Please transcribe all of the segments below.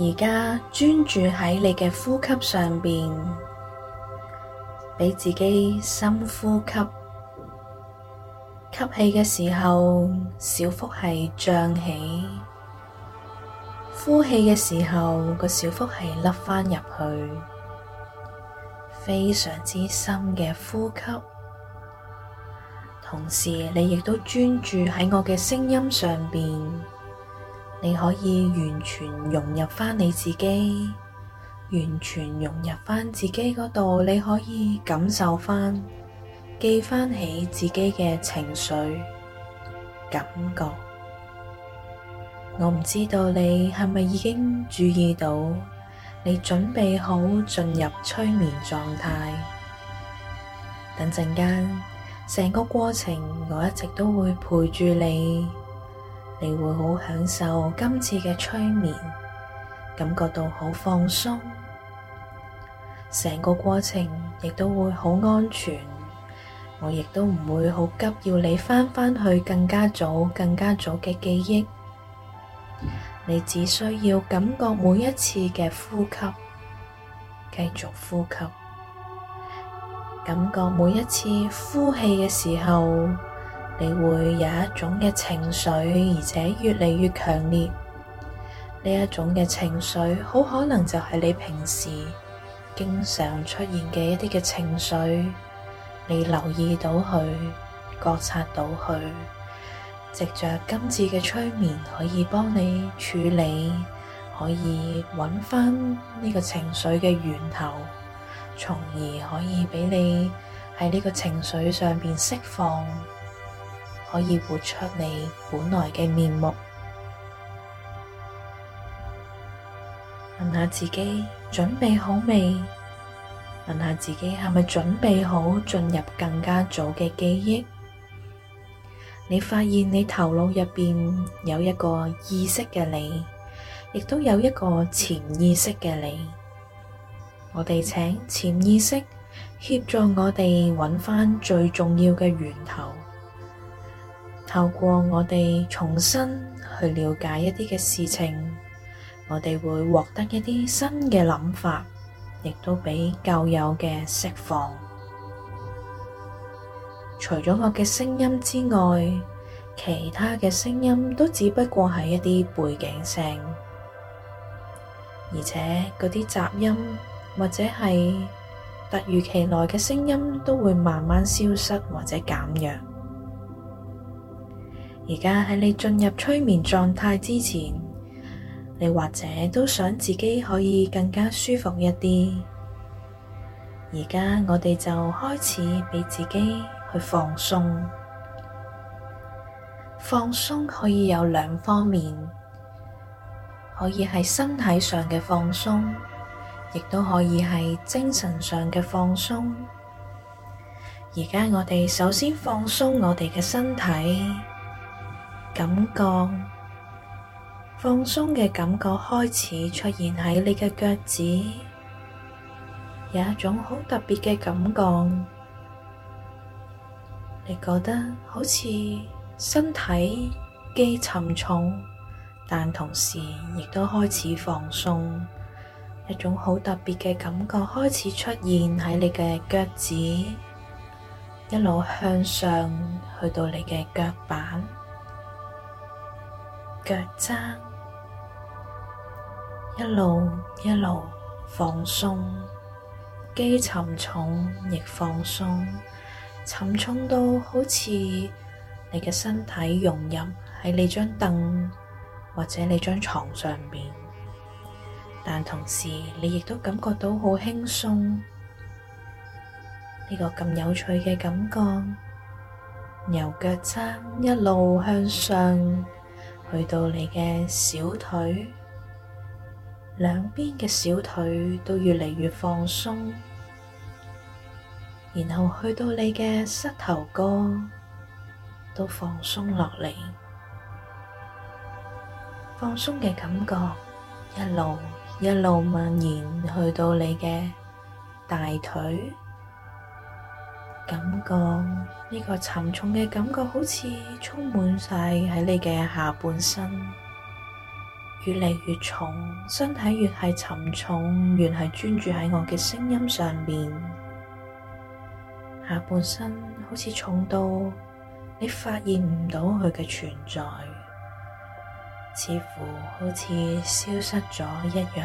而家專注喺你嘅呼吸上邊，畀自己深呼吸。吸氣嘅時候，小腹係脹起；呼氣嘅時候，個小腹係凹翻入去。非常之深嘅呼吸，同時你亦都專注喺我嘅聲音上邊。你可以完全融入翻你自己，完全融入翻自己嗰度，你可以感受翻，記翻起自己嘅情緒感覺。我唔知道你係咪已經注意到，你準備好進入催眠狀態。等陣間，成個過程我一直都會陪住你。你會好享受今次嘅催眠，感覺到好放鬆，成個過程亦都會好安全。我亦都唔會好急要你返返去更加早、更加早嘅記憶。你只需要感覺每一次嘅呼吸，繼續呼吸，感覺每一次呼氣嘅時候。你會有一種嘅情緒，而且越嚟越強烈。呢一種嘅情緒，好可能就係你平時經常出現嘅一啲嘅情緒。你留意到佢，覺察到佢，藉着今次嘅催眠，可以幫你處理，可以揾翻呢個情緒嘅源頭，從而可以畀你喺呢個情緒上面釋放。可以活出你本來嘅面目，問下自己準備好未？問下自己係咪準備好進入更加早嘅記憶？你發現你頭腦入邊有一個意識嘅你，亦都有一個潛意識嘅你。我哋請潛意識協助我哋揾翻最重要嘅源頭。透過我哋重新去了解一啲嘅事情，我哋會獲得一啲新嘅諗法，亦都俾舊有嘅釋放。除咗我嘅聲音之外，其他嘅聲音都只不過係一啲背景聲，而且嗰啲雜音或者係突如其來嘅聲音都會慢慢消失或者減弱。而家喺你進入催眠狀態之前，你或者都想自己可以更加舒服一啲。而家我哋就開始俾自己去放鬆。放鬆可以有兩方面，可以係身體上嘅放鬆，亦都可以係精神上嘅放鬆。而家我哋首先放鬆我哋嘅身體。感覺放鬆嘅感覺開始出現喺你嘅腳趾，有一種好特別嘅感覺。你覺得好似身體既沉重，但同時亦都開始放鬆，一種好特別嘅感覺開始出現喺你嘅腳趾，一路向上，去到你嘅腳板。腳踭一路一路放鬆，既沉重亦放鬆，沉重到好似你嘅身體融入喺你張凳或者你張床上面，但同時你亦都感覺到好輕鬆，呢個咁有趣嘅感覺，由腳踭一路向上。去到你嘅小腿，兩邊嘅小腿都越嚟越放鬆，然後去到你嘅膝頭哥都放鬆落嚟，放鬆嘅感覺一路一路蔓延去到你嘅大腿。感覺呢個沉重嘅感覺，好似充滿晒喺你嘅下半身，越嚟越重，身體越係沉重，越係專注喺我嘅聲音上面。下半身好似重到你發現唔到佢嘅存在，似乎好似消失咗一樣，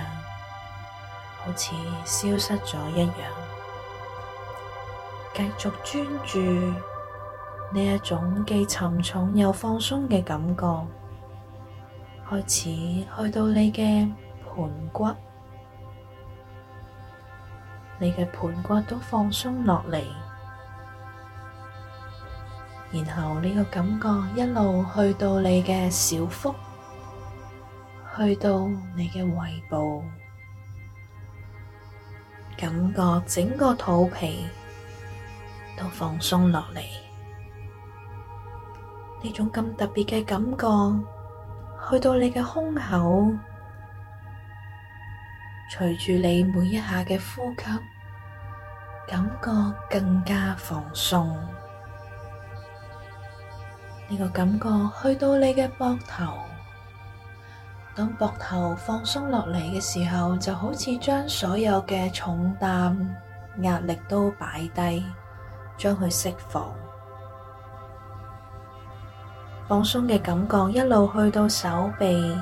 好似消失咗一樣。繼續專注呢一種既沉重又放鬆嘅感覺，開始去到你嘅盆骨，你嘅盆骨都放鬆落嚟，然後你個感覺一路去到你嘅小腹，去到你嘅胃部，感覺整個肚皮。都放鬆落嚟，呢種咁特別嘅感覺去到你嘅胸口，隨住你每一下嘅呼吸，感覺更加放鬆。呢個感覺去到你嘅膊頭，當膊頭放鬆落嚟嘅時候，就好似將所有嘅重擔壓力都擺低。將佢釋放，放鬆嘅感覺一路去到手臂、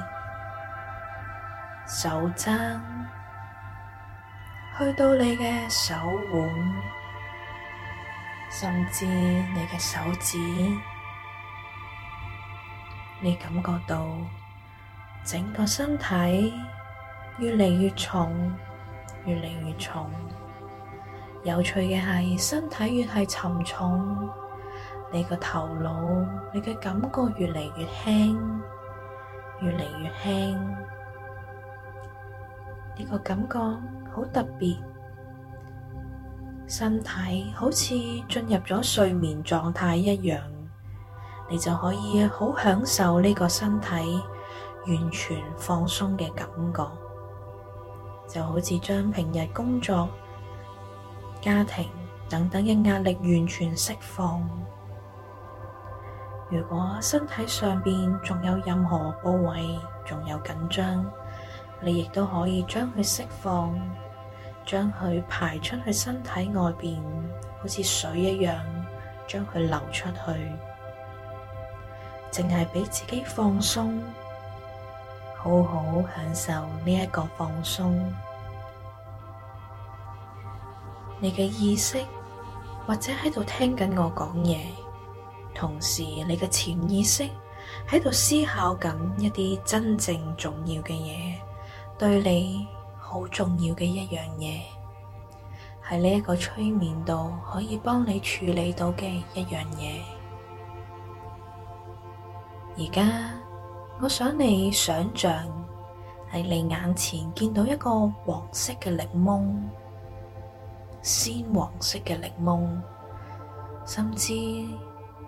手踭，去到你嘅手腕，甚至你嘅手指，你感覺到整個身體越嚟越重，越嚟越重。有趣嘅係，身體越係沉重，你個頭腦、你嘅感覺越嚟越輕，越嚟越輕。呢個感覺好特別，身體好似進入咗睡眠狀態一樣，你就可以好享受呢個身體完全放鬆嘅感覺，就好似將平日工作。家庭等等嘅壓力完全釋放。如果身體上邊仲有任何部位仲有緊張，你亦都可以將佢釋放，將佢排出去身體外邊，好似水一樣，將佢流出去，淨係俾自己放鬆，好好享受呢一個放鬆。你嘅意識或者喺度聽緊我講嘢，同時你嘅潛意識喺度思考緊一啲真正重要嘅嘢，對你好重要嘅一樣嘢，係呢一個催眠度可以幫你處理到嘅一樣嘢。而家我想你想象喺你眼前見到一個黃色嘅檸檬。鮮黃色嘅檸檬，甚至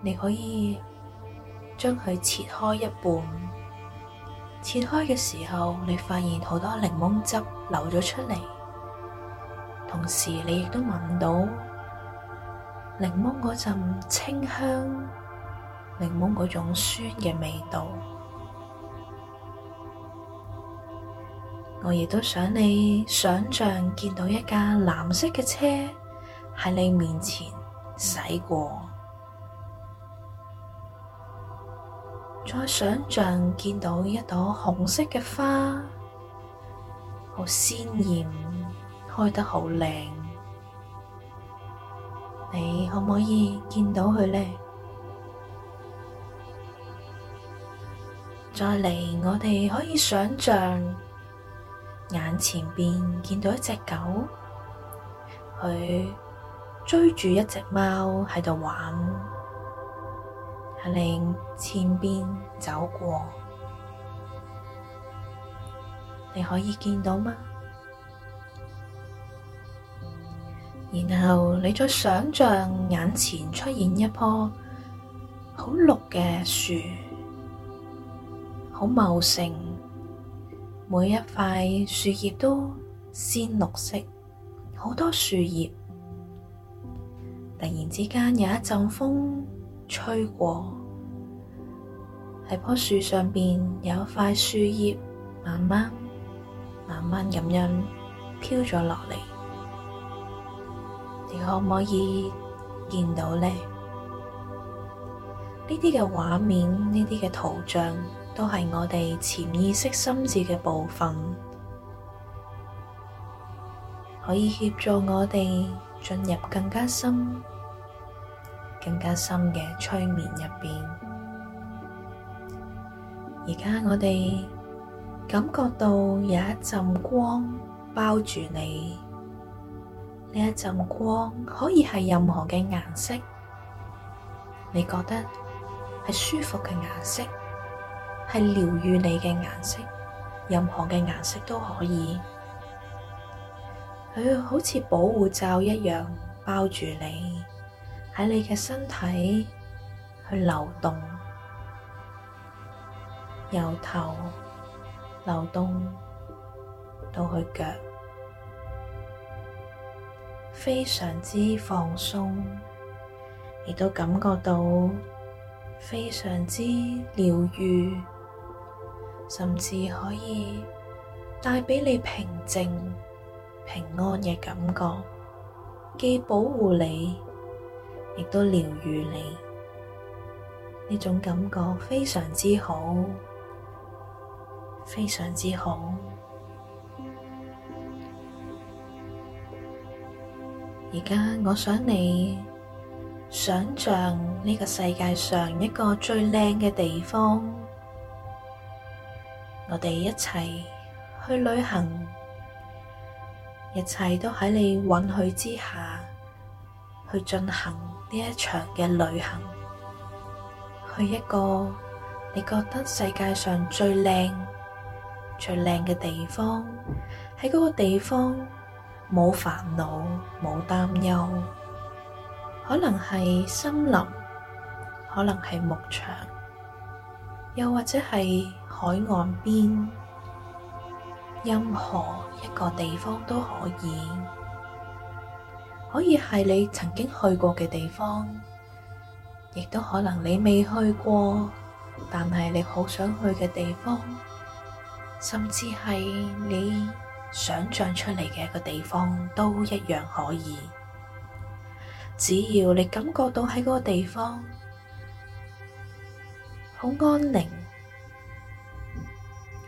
你可以將佢切開一半，切開嘅時候，你發現好多檸檬汁流咗出嚟，同時你亦都聞到檸檬嗰陣清香，檸檬嗰種酸嘅味道。我亦都想你想象見到一架藍色嘅車喺你面前駛過，再想象見到一朵紅色嘅花，好鮮艷，開得好靚。你可唔可以見到佢呢？再嚟，我哋可以想象。眼前邊見到一隻狗，佢追住一隻貓喺度玩，喺你前邊走過，你可以見到嗎？然後你再想象眼前出現一棵好綠嘅樹，好茂盛。每一塊樹葉都鮮綠色，好多樹葉。突然之間有一陣風吹過，喺棵樹上邊有一塊樹葉慢慢慢慢咁樣飄咗落嚟。你可唔可以見到咧？呢啲嘅畫面，呢啲嘅圖像。都係我哋潛意識心智嘅部分，可以協助我哋進入更加深、更加深嘅催眠入邊。而家我哋感覺到有一陣光包住你，呢一陣光可以係任何嘅顏色，你覺得係舒服嘅顏色，係療癒你嘅顏色，任何嘅顏色都可以，佢好似保護罩一樣包住你，喺你嘅身體去流動，由頭流動到去腳，非常之放鬆，亦都感覺到非常之療癒。甚至可以帶畀你平靜、平安嘅感覺，既保護你，亦都療愈你。呢種感覺非常之好，非常之好。而家我想你想象呢個世界上一個最靚嘅地方。我哋一齊去旅行，一切都喺你允許之下去進行呢一場嘅旅行。去一個你覺得世界上最靚、最靚嘅地方。喺嗰個地方冇煩惱、冇擔憂，可能係森林，可能係牧場，又或者係海岸邊，任何一個地方都可以，可以係你曾經去過嘅地方，亦都可能你未去過，但係你好想去嘅地方，甚至係你想象出嚟嘅一個地方都一樣可以。只要你感覺到喺嗰個地方好安寧。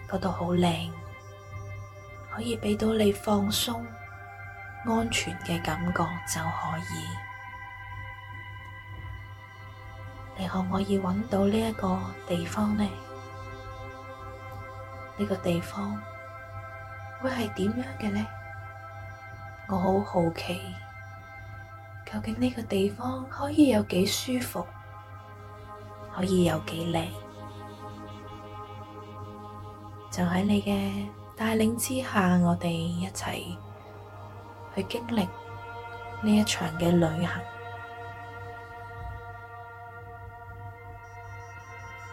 嗰度好靚，可以畀到你放鬆、安全嘅感覺就可以。你可唔可以揾到呢一個地方呢？呢、呢個地方會係點樣嘅呢？我好好奇，究竟呢個地方可以有幾舒服，可以有幾靚？就喺你嘅帶領之下，我哋一齊去經歷呢一場嘅旅行，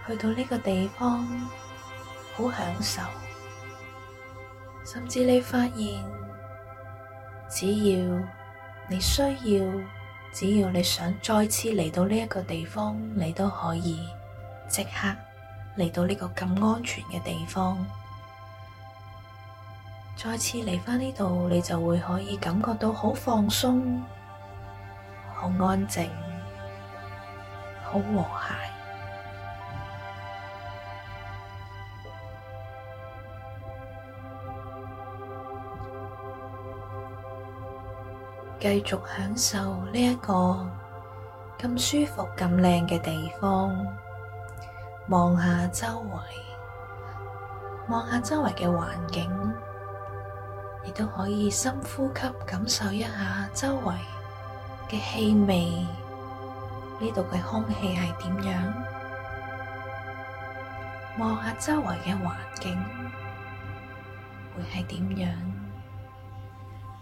去到呢個地方好享受，甚至你發現，只要你需要，只要你想再次嚟到呢一個地方，你都可以即刻。嚟到呢個咁安全嘅地方，再次嚟返呢度，你就會可以感覺到好放鬆、好安靜、好和諧，繼續享受呢一個咁舒服、咁靚嘅地方。望下周圍，望下周圍嘅環境，亦都可以深呼吸，感受一下周圍嘅氣味。呢度嘅空氣係點樣？望下周圍嘅環境會係點樣？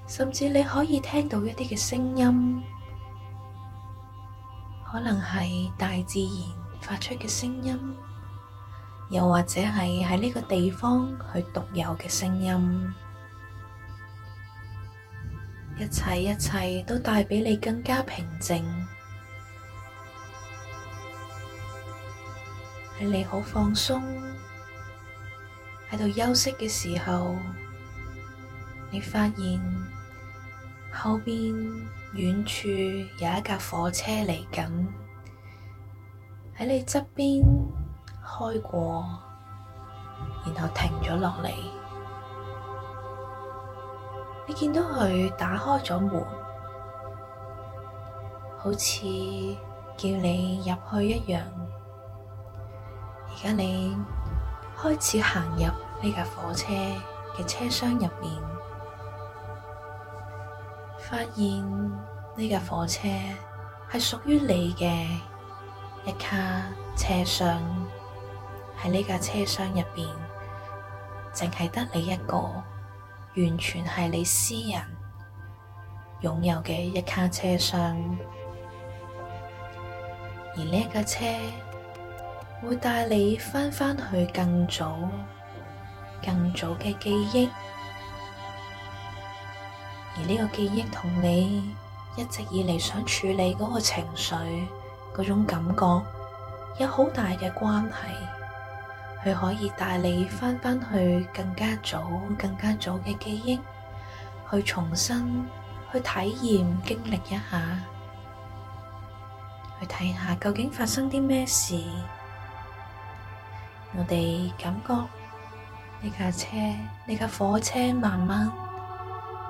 甚至你可以聽到一啲嘅聲音，可能係大自然。發出嘅聲音，又或者係喺呢個地方去獨有嘅聲音，一切一切都帶畀你更加平靜，喺你好放鬆喺度休息嘅時候，你發現後邊遠處有一架火車嚟緊。喺你側邊開過，然後停咗落嚟。你見到佢打開咗門，好似叫你入去一樣。而家你開始行入呢架火車嘅車廂入面，發現呢架火車係屬於你嘅。一卡車廂喺呢架車廂入邊，淨係得你一個，完全係你私人擁有嘅一卡車廂。而呢架車會帶你翻返去更早、更早嘅記憶，而呢個記憶同你一直以嚟想處理嗰個情緒。嗰種感覺有好大嘅關係，佢可以帶你翻返去更加早、更加早嘅記憶，去重新去體驗、經歷一下，去睇下究竟發生啲咩事。我哋感覺呢架車、呢架火車慢慢、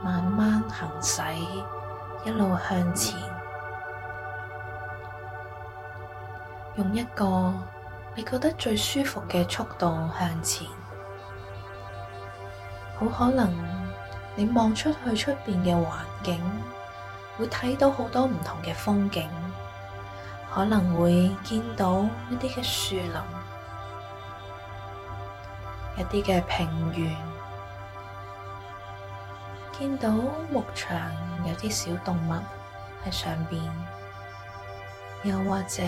慢慢行駛，一路向前。用一個你覺得最舒服嘅速度向前，好可能你望出去出邊嘅環境，會睇到好多唔同嘅風景，可能會見到一啲嘅樹林，一啲嘅平原，見到牧場有啲小動物喺上邊，又或者。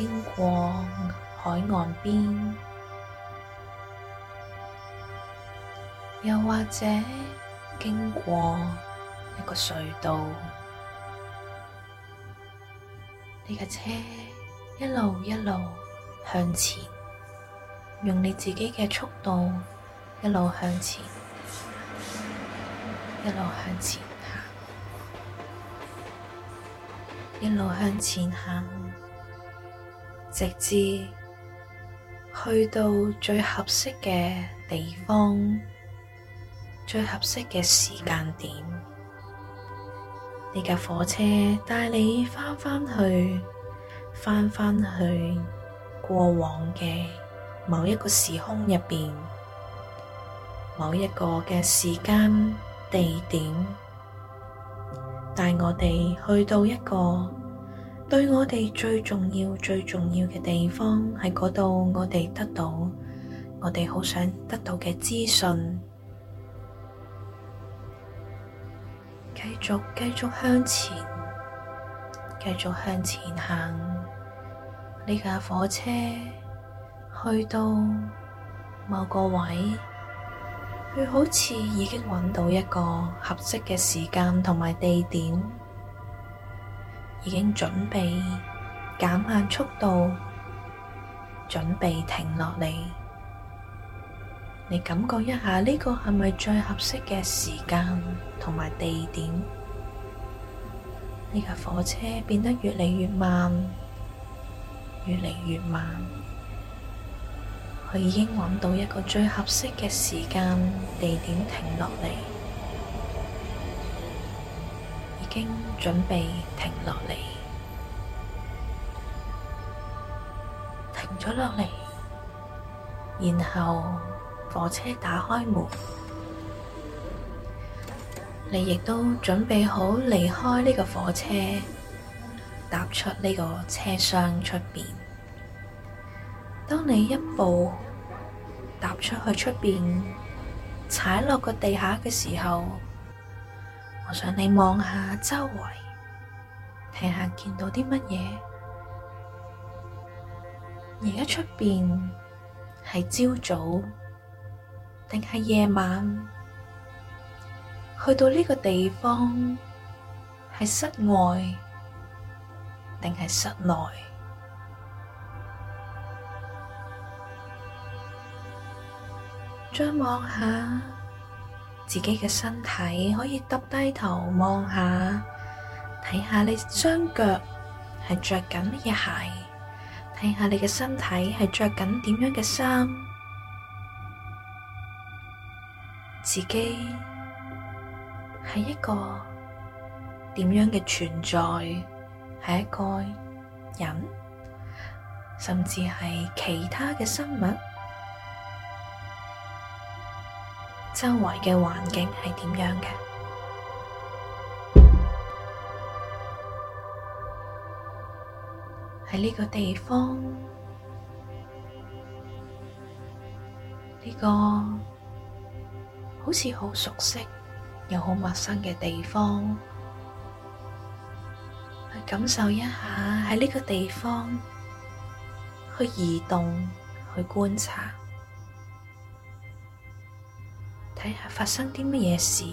經過海岸邊，又或者經過一個隧道，你嘅車一路一路向前，用你自己嘅速度一路向前，一路向前行，一路向前行。直至去到最合適嘅地方，最合適嘅時間點，呢架火車帶你翻返去，翻返去過往嘅某一個時空入邊，某一個嘅時間地點，帶我哋去到一個。對我哋最重要、最重要嘅地方，係嗰度我哋得到，我哋好想得到嘅資訊。繼續、繼續向前，繼續向前行，呢架火車去到某個位，佢好似已經揾到一個合適嘅時間同埋地點。已經準備減慢速度，準備停落嚟。你感覺一下呢個係咪最合適嘅時間同埋地點？呢架火車變得越嚟越慢，越嚟越慢。佢已經揾到一個最合適嘅時間地點停落嚟。已經準備停落嚟，停咗落嚟，然後火車打開門，你亦都準備好離開呢個火車，踏出呢個車廂出邊。當你一步踏出去出邊，踩落個地下嘅時候。我想你望下周圍，睇下見到啲乜嘢。而家出邊係朝早，定係夜晚？去到呢個地方係室外，定係室內？再望下。自己嘅身體，可以耷低頭望下，睇下你雙腳係着緊乜嘢鞋，睇下你嘅身體係着緊點樣嘅衫，自己係一個點樣嘅存在，係一個人，甚至係其他嘅生物。周圍嘅環境係點樣嘅？喺呢個地方，呢個好似好熟悉又好陌生嘅地方，去感受一下喺呢個地方去移動去觀察。睇下發生啲乜嘢事，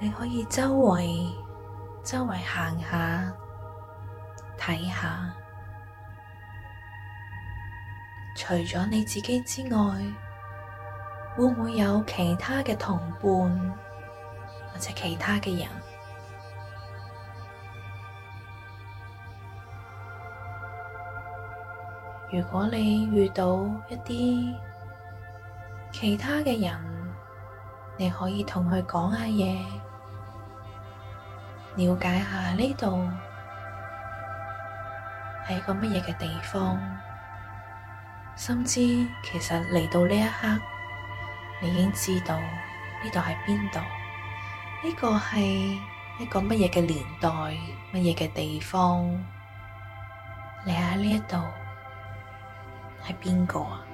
你可以周圍周圍行下，睇下，除咗你自己之外，會唔會有其他嘅同伴，或者其他嘅人？如果你遇到一啲其他嘅人，你可以同佢講下嘢，了解下呢度係一個乜嘢嘅地方，甚至其實嚟到呢一刻，你已經知道呢度係邊度，呢個係一個乜嘢嘅年代，乜嘢嘅地方，你喺呢一度。係邊個啊？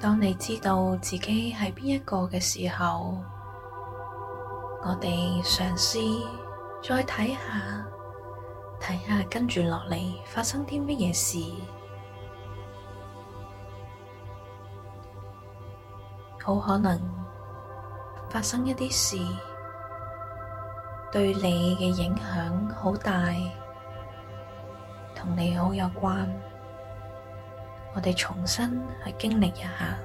當你知道自己係邊一個嘅時候，我哋嘗試再睇下。睇下跟住落嚟發生啲乜嘢事，好可能發生一啲事對你嘅影響好大，同你好有關，我哋重新去經歷一下。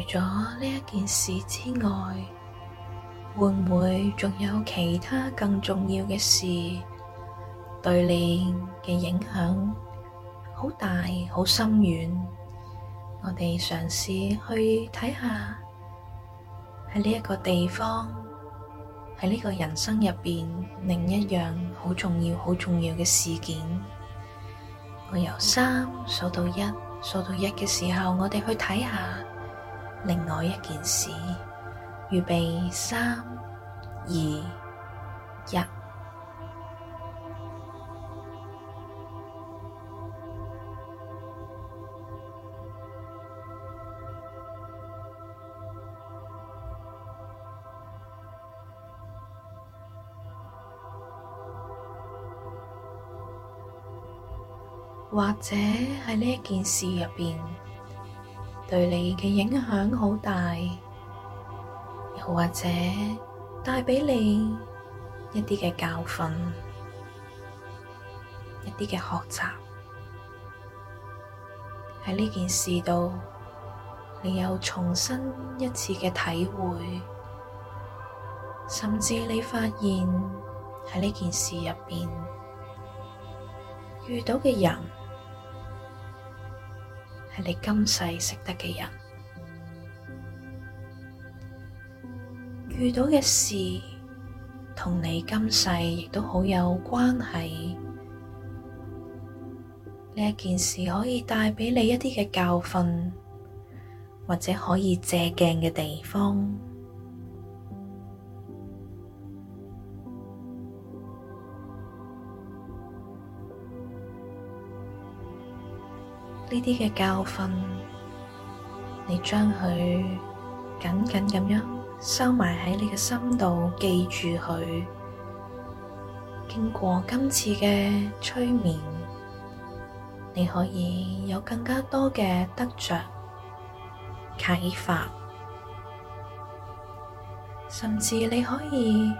除咗呢一件事之外，會唔會仲有其他更重要嘅事對你嘅影響好大、好深遠？我哋嘗試去睇下喺呢一個地方，喺呢個人生入邊另一樣好重要、好重要嘅事件。我由三數到一，數到一嘅時候，我哋去睇下。另外一件事，預備三、二、一，或者喺呢一件事入面。對你嘅影響好大，又或者帶畀你一啲嘅教訓，一啲嘅學習，喺呢件事度，你有重新一次嘅體會，甚至你發現喺呢件事入邊遇到嘅人。係你今世識得嘅人，遇到嘅事同你今世亦都好有關係。呢一件事可以帶畀你一啲嘅教訓，或者可以借鏡嘅地方。呢啲嘅教訓，你將佢緊緊咁樣收埋喺你嘅心度，記住佢。經過今次嘅催眠，你可以有更加多嘅得着、啟發，甚至你可以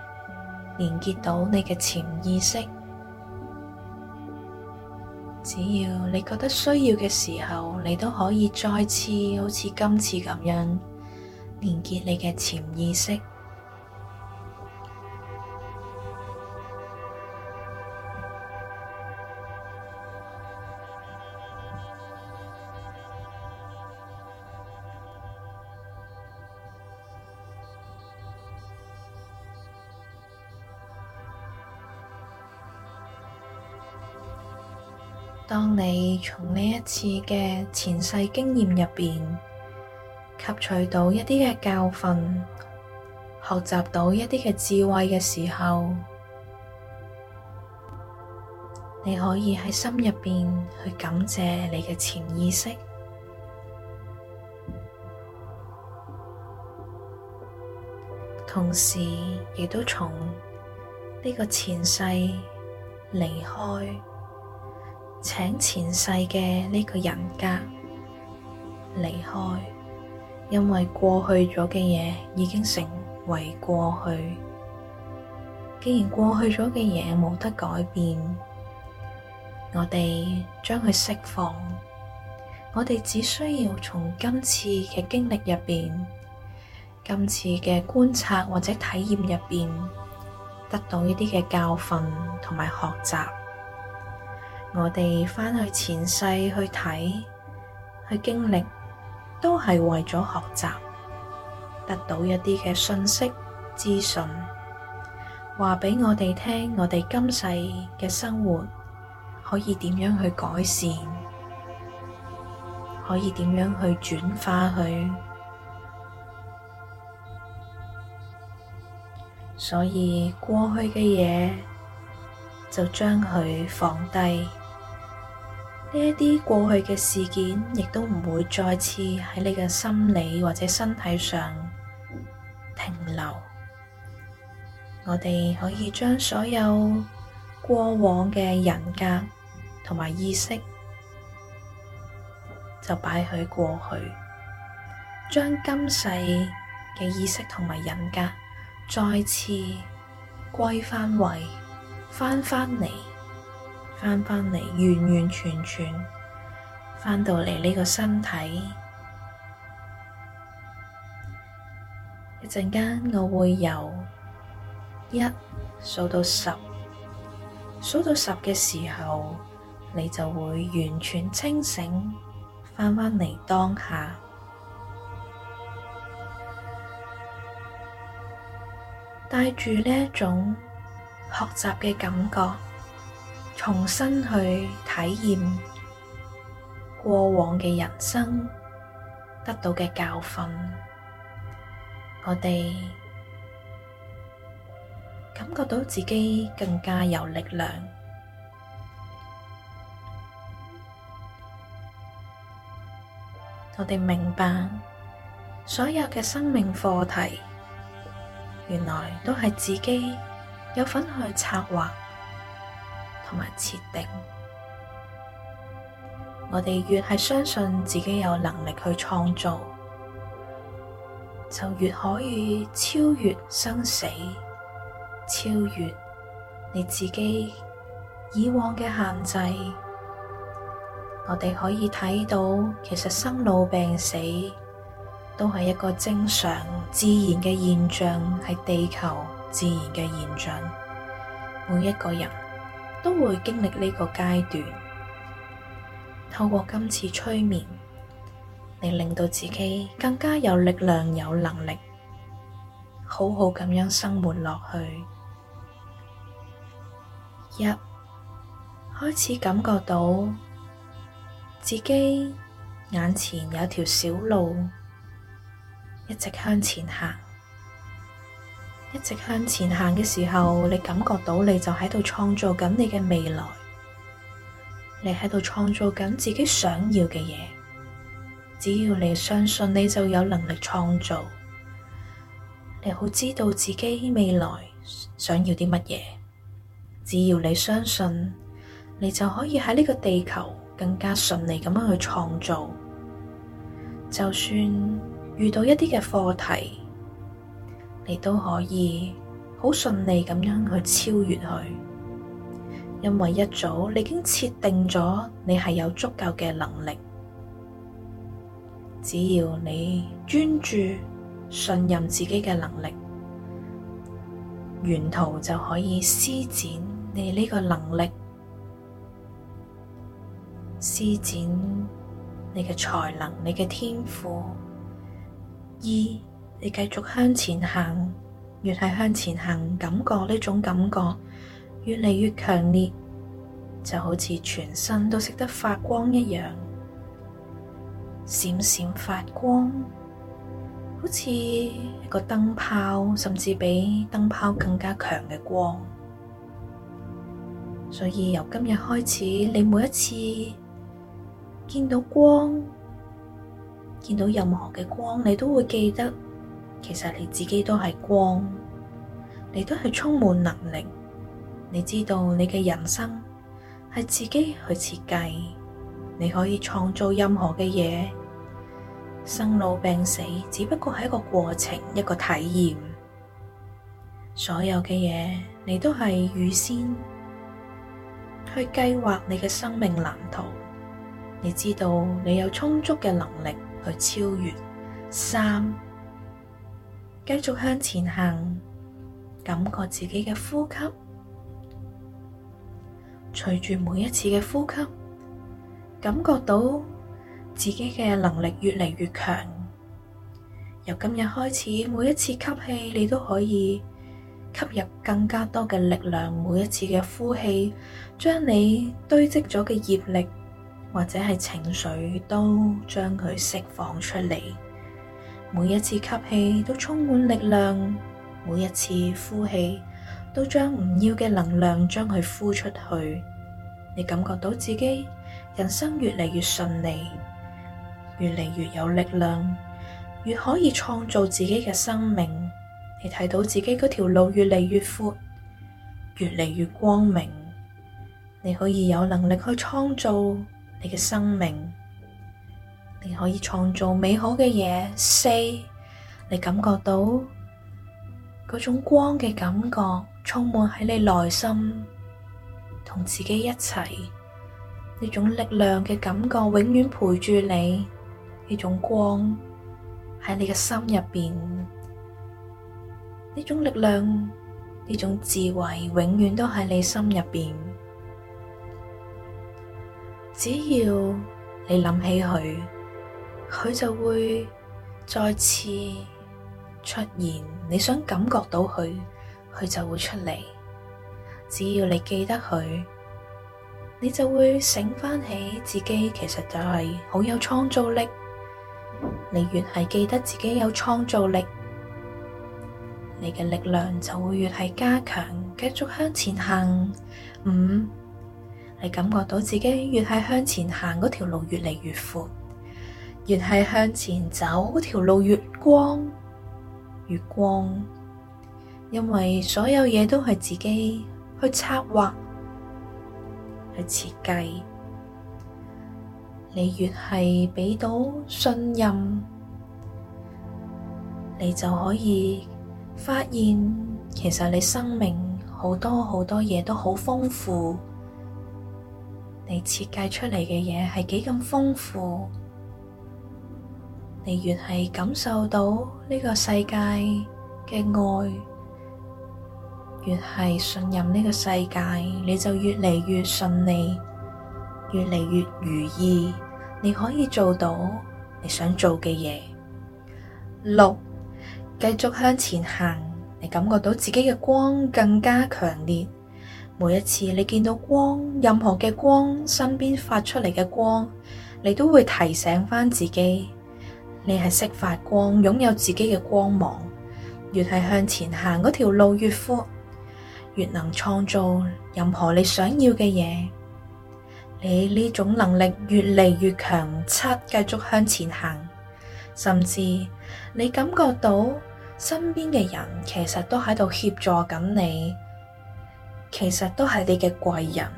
連結到你嘅潛意識。只要你覺得需要嘅時候，你都可以再次好似今次咁樣連結你嘅潛意識。你從呢一次嘅前世經驗入邊吸取到一啲嘅教訓，學習到一啲嘅智慧嘅時候，你可以喺心入邊去感謝你嘅潛意識，同時亦都從呢個前世離開。請前世嘅呢個人格離開，因為過去咗嘅嘢，已經成為過去。既然過去咗嘅嘢冇得改變，我哋將佢釋放。我哋只需要從今次嘅經歷入邊，今次嘅觀察或者體驗入邊，得到呢啲嘅教訓同埋學習。我哋返去前世去睇去經歷，都係為咗學習，得到一啲嘅信息資訊，話畀我哋聽，我哋今世嘅生活可以點樣去改善，可以點樣去轉化佢。所以過去嘅嘢就將佢放低。呢一啲過去嘅事件，亦都唔會再次喺你嘅心理或者身體上停留。我哋可以將所有過往嘅人格同埋意識就擺喺過去，將今世嘅意識同埋人格再次歸翻位，翻返嚟。翻返嚟，完完全全翻到嚟呢個身體。一陣間我會由一數到十，數到十嘅時候，你就會完全清醒，翻返嚟當下，帶住呢一種學習嘅感覺。重新去體驗過往嘅人生得到嘅教訓，我哋感覺到自己更加有力量。我哋明白所有嘅生命課題，原來都係自己有份去策劃。同埋設定，我哋越係相信自己有能力去創造，就越可以超越生死，超越你自己以往嘅限制。我哋可以睇到，其實生老病死都係一個正常自然嘅現象，係地球自然嘅現象，每一個人。都會經歷呢個階段。透過今次催眠，你令，令到自己更加有力量、有能力，好好咁樣生活落去。一開始感覺到自己眼前有條小路，一直向前行。一直向前行嘅時候，你感覺到你就喺度創造緊你嘅未來，你喺度創造緊自己想要嘅嘢。只要你相信，你就有能力創造。你好知道自己未來想要啲乜嘢，只要你相信，你就可以喺呢個地球更加順利咁樣去創造。就算遇到一啲嘅課題，你都可以好順利咁樣去超越佢，因為一早你已經設定咗，你係有足夠嘅能力，只要你專注、信任自己嘅能力，沿途就可以施展你呢個能力，施展你嘅才能、你嘅天賦。二你繼續向前行，越係向前行，感覺呢種感覺越嚟越強烈，就好似全身都識得發光一樣，閃閃發光，好似一個燈泡，甚至比燈泡更加強嘅光。所以由今日開始，你每一次見到光，見到任何嘅光，你都會記得。其實你自己都係光，你都係充滿能力。你知道你嘅人生係自己去設計，你可以創造任何嘅嘢。生老病死只不過係一個過程，一個體驗。所有嘅嘢你都係預先去計劃你嘅生命藍圖。你知道你有充足嘅能力去超越，三。繼續向前行，感覺自己嘅呼吸，隨住每一次嘅呼吸，感覺到自己嘅能力越嚟越強。由今日開始，每一次吸氣，你都可以吸入更加多嘅力量，每一次嘅呼氣，將你堆積咗嘅業力或者係情緒，都將佢釋放出嚟。每一次吸氣都充滿力量，每一次呼氣都將唔要嘅能量將佢呼出去。你感覺到自己人生越嚟越順利，越嚟越有力量，越可以創造自己嘅生命。你睇到自己嗰條路越嚟越闊，越嚟越光明。你可以有能力去創造你嘅生命。你可以創造美好嘅嘢。四，你感覺到嗰種光嘅感覺，充滿喺你內心，同自己一齊。呢種力量嘅感覺，永遠陪住你。呢種光喺你嘅心入邊，呢種力量，呢種智慧，永遠都喺你心入邊。只要你諗起佢。佢就會再次出現，你想感覺到佢，佢就會出嚟。只要你記得佢，你就會醒返起自己，其實就係好有創造力。你越係記得自己有創造力，你嘅力量就會越係加強，繼續向前行。五、嗯，你感覺到自己越係向前行，嗰條路越嚟越闊。越係向前走，條路越光，越光，因為所有嘢都係自己去策劃去設計。你越係畀到信任，你就可以發現，其實你生命好多好多嘢都好豐富。你設計出嚟嘅嘢係幾咁豐富。你越係感受到呢個世界嘅愛，越係信任呢個世界，你就越嚟越順利，越嚟越如意。你可以做到你想做嘅嘢。六，繼續向前行，你感覺到自己嘅光更加強烈。每一次你見到光，任何嘅光、身邊發出嚟嘅光，你都會提醒翻自己。你係識發光，擁有自己嘅光芒，越係向前行嗰條路越闊，越能創造任何你想要嘅嘢。你呢種能力越嚟越強，七繼續向前行，甚至你感覺到身邊嘅人其實都喺度協助緊你，其實都係你嘅貴人，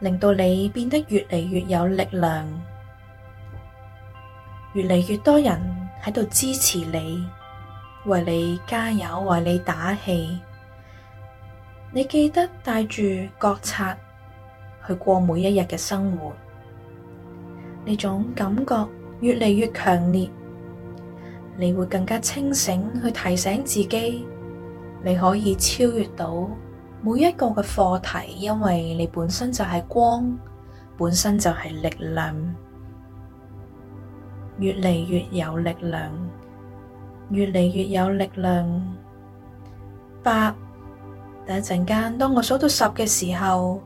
令到你變得越嚟越有力量。越嚟越多人喺度支持你，為你加油，為你打氣。你記得帶住覺察去過每一日嘅生活，呢種感覺越嚟越強烈。你會更加清醒去提醒自己，你可以超越到每一個嘅課題，因為你本身就係光，本身就係力量。越嚟越有力量，越嚟越有力量。八，等一陣間，當我數到十嘅時候，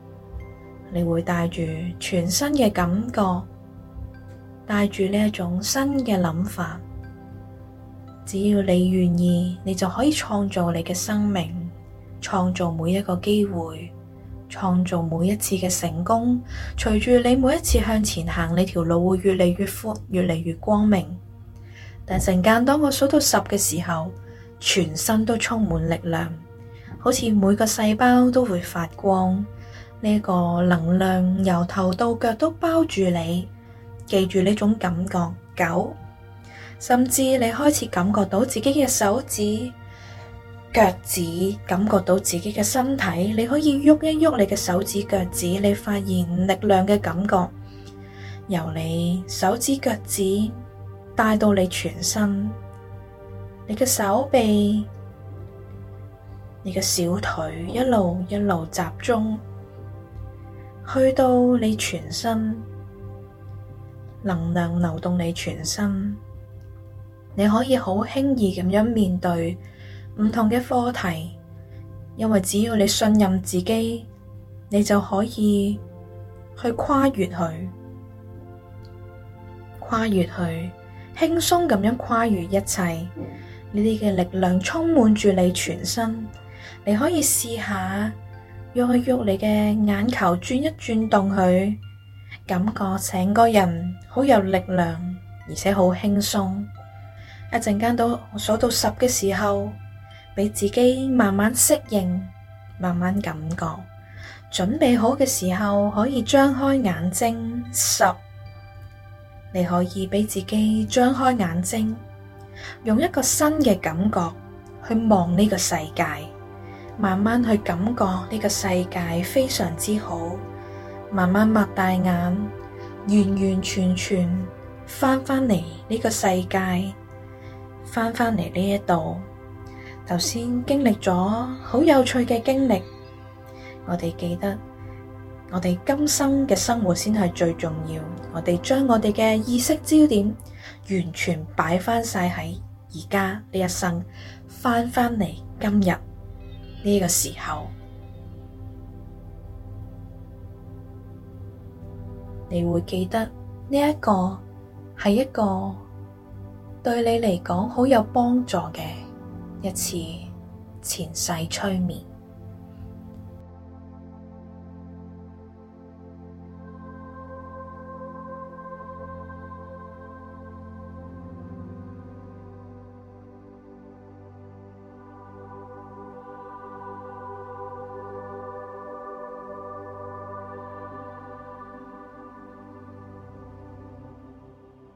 你會帶住全新嘅感覺，帶住呢一種新嘅諗法。只要你願意，你就可以創造你嘅生命，創造每一個機會。創造每一次嘅成功，隨住你每一次向前行，你條路會越嚟越寬，越嚟越光明。但瞬間，當我數到十嘅時候，全身都充滿力量，好似每個細胞都會發光。呢個能量由頭到腳都包住你，記住呢種感覺。九，甚至你開始感覺到自己嘅手指。腳趾感覺到自己嘅身體，你可以喐一喐你嘅手指腳趾，你發現力量嘅感覺由你手指腳趾帶到你全身，你嘅手臂、你嘅小腿一路一路集中，去到你全身，能量流動你全身，你可以好輕易咁樣面對。唔同嘅課題，因為只要你信任自己，你就可以去跨越佢。跨越佢，輕鬆咁樣跨越一切，呢啲嘅力量充滿住你全身。你可以試下，用去喐你嘅眼球轉一轉，動佢，感覺成個人好有力量，而且好輕鬆。一陣間到數到十嘅時候。畀自己慢慢適應，慢慢感覺，準備好嘅時候，可以張開眼睛。十，你可以畀自己張開眼睛，用一個新嘅感覺去望呢個世界，慢慢去感覺呢個世界非常之好，慢慢擘大眼，完完全全翻返嚟呢個世界，翻返嚟呢一度。頭先經歷咗好有趣嘅經歷，我哋記得我哋今生嘅生活先係最重要。我哋將我哋嘅意識焦點完全擺翻晒喺而家呢一生，翻返嚟今日呢個時候， 你會記得呢一個係一個對你嚟講好有幫助嘅。一次前世催眠。